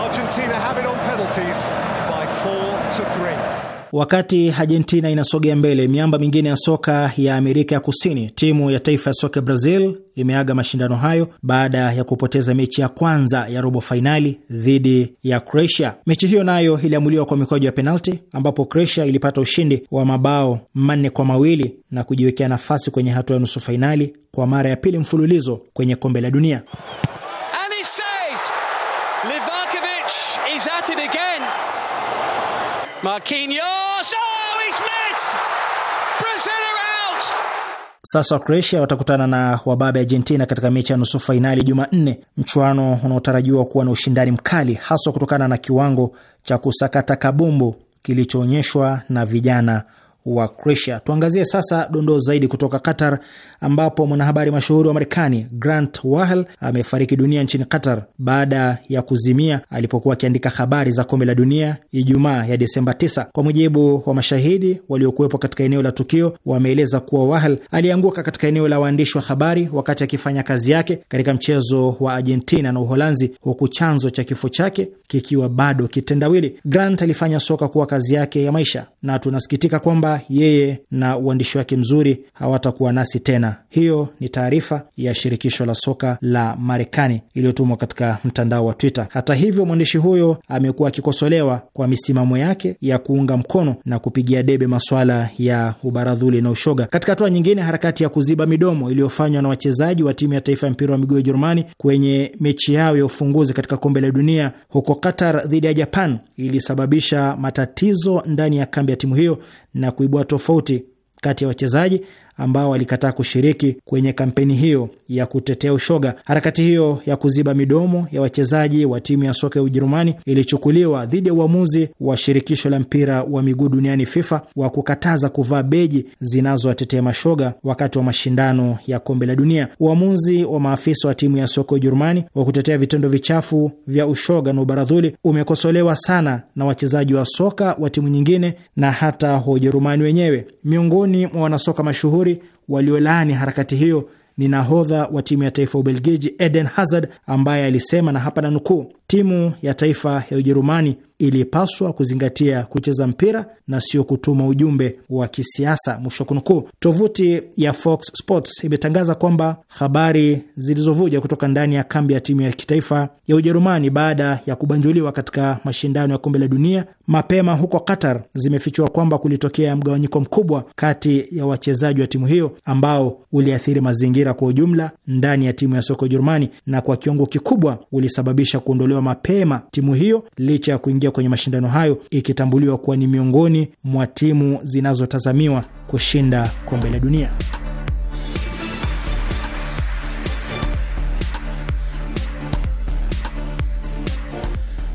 Argentina have it on penalties by 4 to 3. Wakati Argentina inasogea mbele, miamba mingine ya soka ya Amerika ya Kusini, timu ya taifa ya soka Brazil imeaga mashindano hayo baada ya kupoteza mechi ya kwanza ya robo fainali dhidi ya Croatia. Mechi hiyo nayo iliamuliwa kwa mikwaju ya penalti, ambapo Croatia ilipata ushindi wa mabao manne kwa mawili na kujiwekea nafasi kwenye hatua ya nusu fainali kwa mara ya pili mfululizo kwenye kombe la dunia. Marquinhos Sasa Croatia watakutana na wababe Argentina katika mechi ya nusu fainali Jumanne, mchuano unaotarajiwa kuwa na ushindani mkali haswa kutokana na kiwango cha kusakata kabumbu kilichoonyeshwa na vijana wa Croatia. Tuangazie sasa dondoo zaidi kutoka Qatar, ambapo mwanahabari mashuhuri wa Marekani Grant Wahl amefariki dunia nchini Qatar baada ya kuzimia alipokuwa akiandika habari za kombe la dunia Ijumaa ya Desemba 9. Kwa mujibu wa mashahidi waliokuwepo katika eneo la tukio, wameeleza kuwa Wahl alianguka katika eneo la waandishi wa habari wakati akifanya kazi yake katika mchezo wa Argentina na Uholanzi, huku chanzo cha kifo chake kikiwa bado kitendawili. Grant alifanya soka kuwa kazi yake ya maisha, na tunasikitika kwamba yeye na uandishi wake mzuri hawatakuwa nasi tena. Hiyo ni taarifa ya shirikisho la soka la Marekani iliyotumwa katika mtandao wa Twitter. Hata hivyo, mwandishi huyo amekuwa akikosolewa kwa misimamo yake ya kuunga mkono na kupigia debe masuala ya ubaradhuli na ushoga. Katika hatua nyingine, harakati ya kuziba midomo iliyofanywa na wachezaji wa timu ya taifa ya mpira wa miguu ya Ujerumani kwenye mechi yao ya ufunguzi katika kombe la dunia huko Qatar dhidi ya Japan ilisababisha matatizo ndani ya kambi ya timu hiyo na ku kuibua tofauti kati ya wachezaji ambao walikataa kushiriki kwenye kampeni hiyo ya kutetea ushoga. Harakati hiyo ya kuziba midomo ya wachezaji wa timu ya soka ya Ujerumani ilichukuliwa dhidi ya uamuzi wa shirikisho la mpira wa miguu duniani FIFA wa kukataza kuvaa beji zinazowatetea mashoga wakati wa mashindano ya kombe la dunia. Uamuzi wa maafisa wa timu ya soka ya Ujerumani wa kutetea vitendo vichafu vya ushoga na ubaradhuli umekosolewa sana na wachezaji wa soka wa timu nyingine na hata wa Ujerumani wenyewe. Miongoni mwa wanasoka mashuhuri mashuhuri waliolaani harakati hiyo ni nahodha wa timu ya taifa ya Ubelgiji Eden Hazard, ambaye alisema, na hapa na nukuu, timu ya taifa ya Ujerumani ilipaswa kuzingatia kucheza mpira na sio kutuma ujumbe wa kisiasa, mwisho kunukuu. Tovuti ya Fox Sports imetangaza kwamba habari zilizovuja kutoka ndani ya kambi ya timu ya kitaifa ya Ujerumani baada ya kubanjuliwa katika mashindano ya kombe la dunia mapema huko Qatar zimefichua kwamba kulitokea mgawanyiko mkubwa kati ya wachezaji wa timu hiyo ambao uliathiri mazingira kwa ujumla ndani ya timu ya soka Ujerumani na kwa kiwango kikubwa ulisababisha kuondolewa mapema timu hiyo licha ya kuingia kuingia kwenye mashindano hayo ikitambuliwa kuwa ni miongoni mwa timu zinazotazamiwa kushinda kombe la dunia.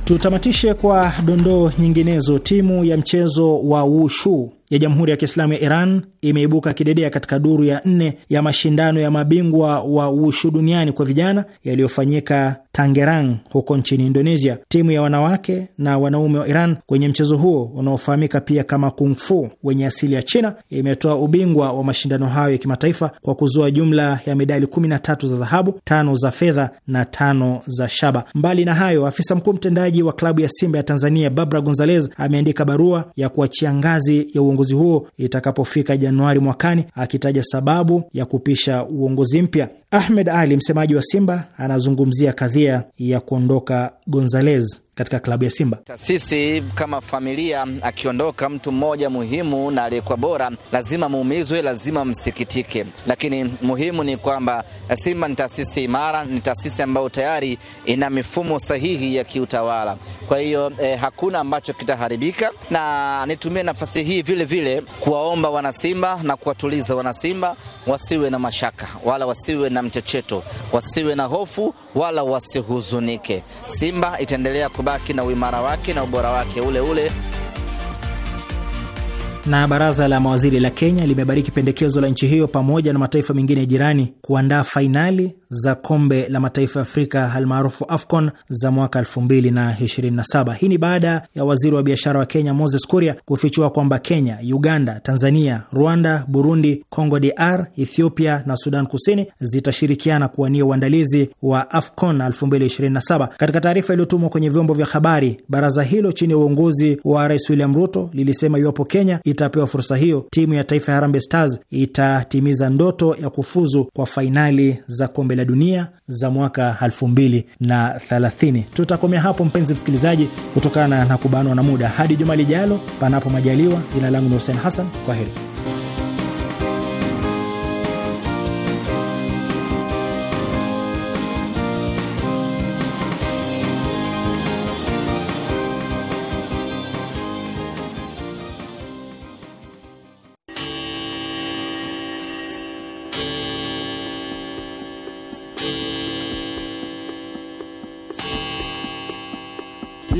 Tutamatishe kwa dondoo nyinginezo. Timu ya mchezo wa wushu ya Jamhuri ya Kiislamu ya Iran imeibuka kidedea katika duru ya nne ya mashindano ya mabingwa wa wushu duniani kwa vijana yaliyofanyika Tangerang huko nchini Indonesia. Timu ya wanawake na wanaume wa Iran kwenye mchezo huo unaofahamika pia kama kung fu wenye asili ya China imetoa ubingwa wa mashindano hayo ya kimataifa kwa kuzoa jumla ya medali 13 za dhahabu, tano za fedha na tano za shaba. Mbali na hayo, afisa mkuu mtendaji wa klabu ya Simba ya Tanzania Babra Gonzalez ameandika barua ya kuachia ngazi ya uchunguzi huo itakapofika Januari mwakani, akitaja sababu ya kupisha uongozi mpya. Ahmed Ali, msemaji wa Simba, anazungumzia kadhia ya kuondoka Gonzalez katika klabu ya Simba. Sisi kama familia, akiondoka mtu mmoja muhimu na aliyekuwa bora, lazima muumizwe, lazima msikitike, lakini muhimu ni kwamba eh, Simba ni taasisi imara, ni taasisi ambayo tayari ina mifumo sahihi ya kiutawala. Kwa hiyo eh, hakuna ambacho kitaharibika, na nitumie nafasi hii vile vile kuwaomba wanasimba na kuwatuliza wanasimba, wasiwe na mashaka wala wasiwe na mchecheto, wasiwe na hofu wala wasihuzunike. Simba itaendelea kubaki na uimara wake na ubora wake ule ule na baraza la mawaziri la Kenya limebariki pendekezo la nchi hiyo pamoja na mataifa mengine ya jirani kuandaa fainali za kombe la mataifa ya Afrika almaarufu AFCON za mwaka 2027. Hii ni baada ya waziri wa biashara wa Kenya Moses Kuria kufichua kwamba Kenya, Uganda, Tanzania, Rwanda, Burundi, Congo DR, Ethiopia na Sudan Kusini zitashirikiana kuwania uandalizi wa AFCON 2027. Katika taarifa iliyotumwa kwenye vyombo vya habari, baraza hilo chini ya uongozi wa Rais William Ruto lilisema iwapo Kenya itapewa fursa hiyo, timu ya taifa ya Harambee Stars itatimiza ndoto ya kufuzu kwa fainali za kombe la dunia za mwaka 2030. Tutakomea hapo mpenzi msikilizaji, kutokana na kubanwa na muda. Hadi juma lijalo, panapo majaliwa. Jina langu ni Hussein Hassan, kwa heri.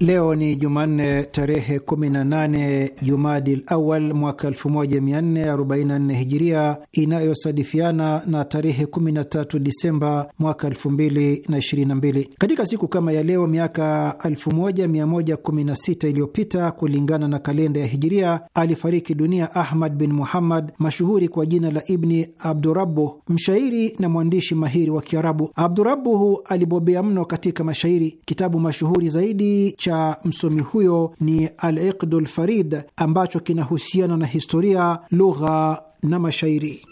Leo ni Jumanne tarehe 18 Jumadil Awal mwaka 1444 Hijiria, inayosadifiana na tarehe 13 Disemba mwaka 2022. Katika siku kama ya leo miaka 1116 iliyopita kulingana na kalenda ya Hijiria, alifariki dunia Ahmad bin Muhammad, mashuhuri kwa jina la Ibni Abdurabuh, mshairi na mwandishi mahiri wa Kiarabu. Abdurabuhu alibobea mno katika mashairi. Kitabu mashuhuri zaidi cha msomi huyo ni al lfarid Farid ambacho kinahusiana na historia, lugha na mashairi.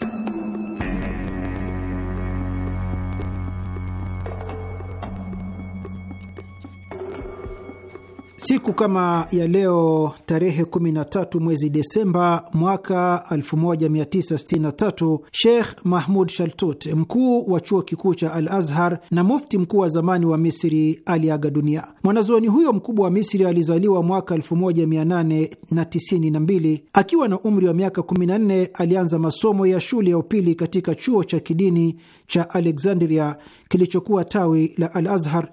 Siku kama ya leo tarehe 13 mwezi Desemba mwaka 1963 Sheikh Mahmud Shaltut, mkuu wa chuo kikuu cha Al Azhar na mufti mkuu wa zamani wa Misri, aliaga dunia. Mwanazuoni huyo mkubwa wa Misri alizaliwa mwaka 1892. Akiwa na umri wa miaka 14, alianza masomo ya shule ya upili katika chuo cha kidini cha Alexandria kilichokuwa tawi la Al Azhar.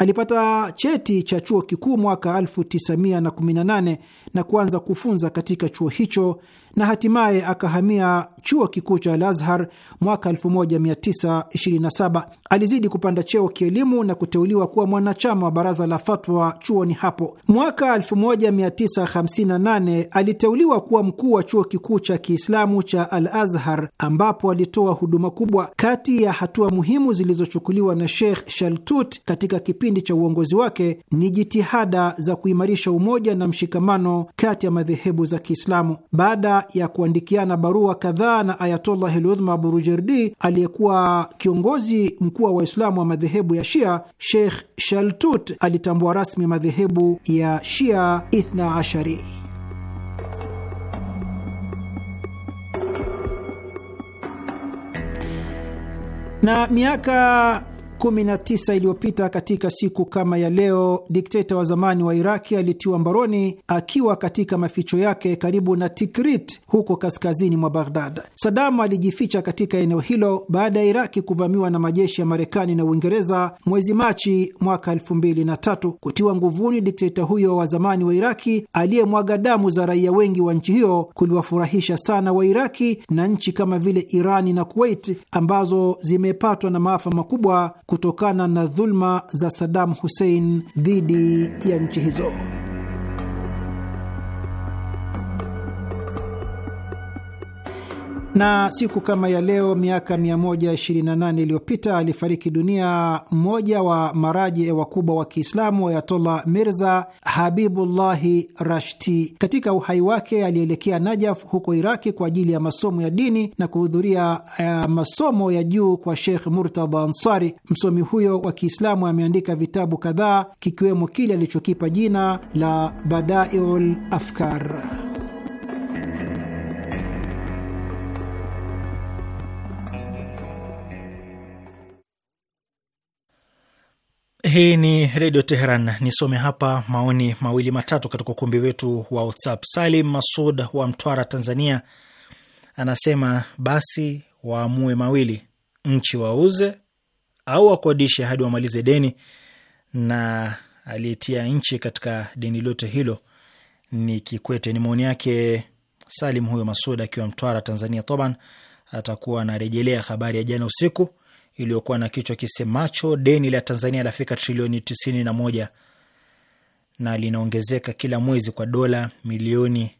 Alipata cheti cha chuo kikuu mwaka 1918 na kuanza kufunza katika chuo hicho na hatimaye akahamia chuo kikuu cha Al-Azhar mwaka 1927. Alizidi kupanda cheo kielimu na kuteuliwa kuwa mwanachama wa baraza la fatwa chuoni hapo. Mwaka 1958 aliteuliwa kuwa mkuu wa chuo kikuu cha Kiislamu cha Al-Azhar ambapo alitoa huduma kubwa. Kati ya hatua muhimu zilizochukuliwa na Sheikh Shaltut katika kipindi cha uongozi wake ni jitihada za kuimarisha umoja na mshikamano kati ya madhehebu za Kiislamu. Baada ya kuandikiana barua kadhaa na Ayatollah Ludhma Burujerdi aliyekuwa kiongozi mkuu wa Waislamu wa madhehebu ya Shia, Sheikh Shaltut alitambua rasmi madhehebu ya Shia Ithna Ashari. na miaka 19 iliyopita katika siku kama ya leo, dikteta wa zamani wa Iraki alitiwa mbaroni akiwa katika maficho yake karibu na Tikrit huko kaskazini mwa Baghdad. Sadamu alijificha katika eneo hilo baada ya Iraki kuvamiwa na majeshi ya Marekani na Uingereza mwezi Machi mwaka 2003. Kutiwa nguvuni dikteta huyo wa zamani wa Iraki aliyemwaga damu za raia wengi wa nchi hiyo kuliwafurahisha sana Wairaki na nchi kama vile Irani na Kuwait ambazo zimepatwa na maafa makubwa kutokana na dhulma za Saddam Hussein dhidi ya nchi hizo. na siku kama ya leo miaka 128 iliyopita alifariki dunia mmoja wa maraji wakubwa wa Kiislamu, Ayatollah Mirza Habibullahi Rashti. Katika uhai wake alielekea Najaf huko Iraki kwa ajili ya masomo ya dini na kuhudhuria uh, masomo ya juu kwa Sheikh Murtadha Ansari. Msomi huyo wa Kiislamu ameandika vitabu kadhaa kikiwemo kile alichokipa jina la Badaiul Afkar. Hii ni Redio Teheran. Nisome hapa maoni mawili matatu katika ukumbi wetu wa WhatsApp. Salim Masud wa Mtwara, Tanzania, anasema basi waamue mawili, nchi wauze au wakodishe hadi wamalize deni, na aliyetia nchi katika deni lote hilo ni Kikwete. Ni maoni yake Salim huyo Masud akiwa Mtwara, Tanzania. Toban atakuwa anarejelea habari ya jana usiku iliyokuwa na kichwa kisemacho deni la Tanzania lafika trilioni tisini na linaongezeka kila mwezi kwa dola milioni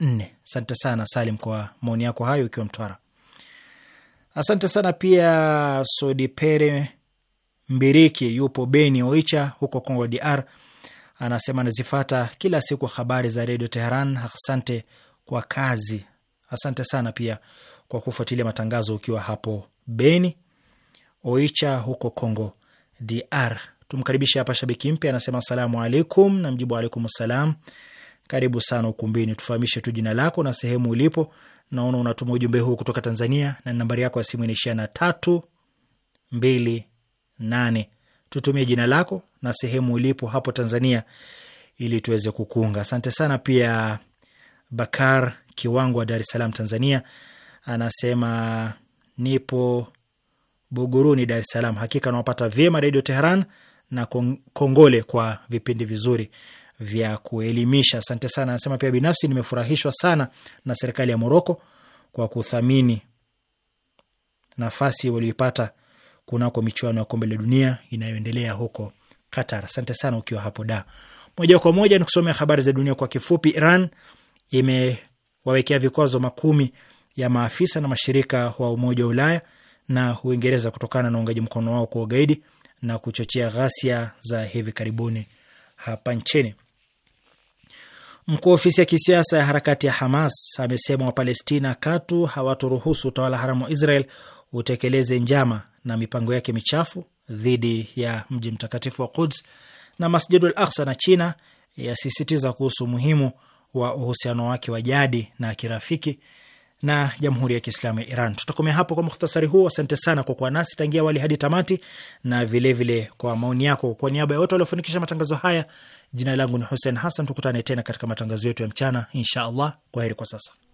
nne. Asante sana Salim kwa maoni yako hayo, ukiwa Mtwara. Asante sana pia Sodipere Mbiriki yupo Beni Oicha huko Congo DR, anasema anazifata kila siku habari za redio Teheran. Asante kwa kazi, asante sana pia kwa kufuatilia matangazo ukiwa hapo Beni, Oicha huko Congo DR. Tumkaribishe hapa shabiki mpya, anasema asalamu alaikum, na mjibu alaikum salam. Karibu sana ukumbini, tufahamishe tu jina lako na sehemu ulipo. Naona unatuma ujumbe huu kutoka Tanzania na nambari yako ya simu inaishia na tatu mbili nane. Tutumie jina lako na sehemu ulipo hapo Tanzania ili tuweze kukuunga. Asante sana pia Bakar Kiwango wa Dar es Salaam, Tanzania anasema nipo Buguruni, Dar es Salaam. Hakika nawapata vyema Redio Teheran na kongole kwa vipindi vizuri vya kuelimisha. Asante sana. Anasema pia binafsi nimefurahishwa sana na serikali ya Moroko kwa kuthamini nafasi walioipata kunako michuano ya kombe la dunia inayoendelea huko Qatar. Asante sana ukiwa hapo da. Moja kwa moja ni kusomea habari za dunia kwa kifupi. Iran imewawekea vikwazo makumi ya maafisa na mashirika wa Umoja wa Ulaya na Uingereza kutokana na uungaji mkono wao kwa ugaidi na kuchochea ghasia za hivi karibuni hapa nchini. Mkuu wa ofisi ya kisiasa ya harakati ya Hamas amesema Wapalestina katu hawatoruhusu utawala haramu wa Israel utekeleze njama na mipango yake michafu dhidi ya mji mtakatifu wa Quds na al Aksa. Na China yasisitiza kuhusu umuhimu wa uhusiano wake wa jadi na kirafiki na Jamhuri ya Kiislamu ya Iran. Tutakomea hapo kwa mukhtasari huu. Asante sana kwa kuwa nasi tangia awali hadi tamati na vilevile vile kwa maoni yako. Kwa niaba ya wote waliofanikisha matangazo haya, jina langu ni Hussein Hassan. Tukutane tena katika matangazo yetu ya mchana, insha Allah. Kwa heri kwa sasa.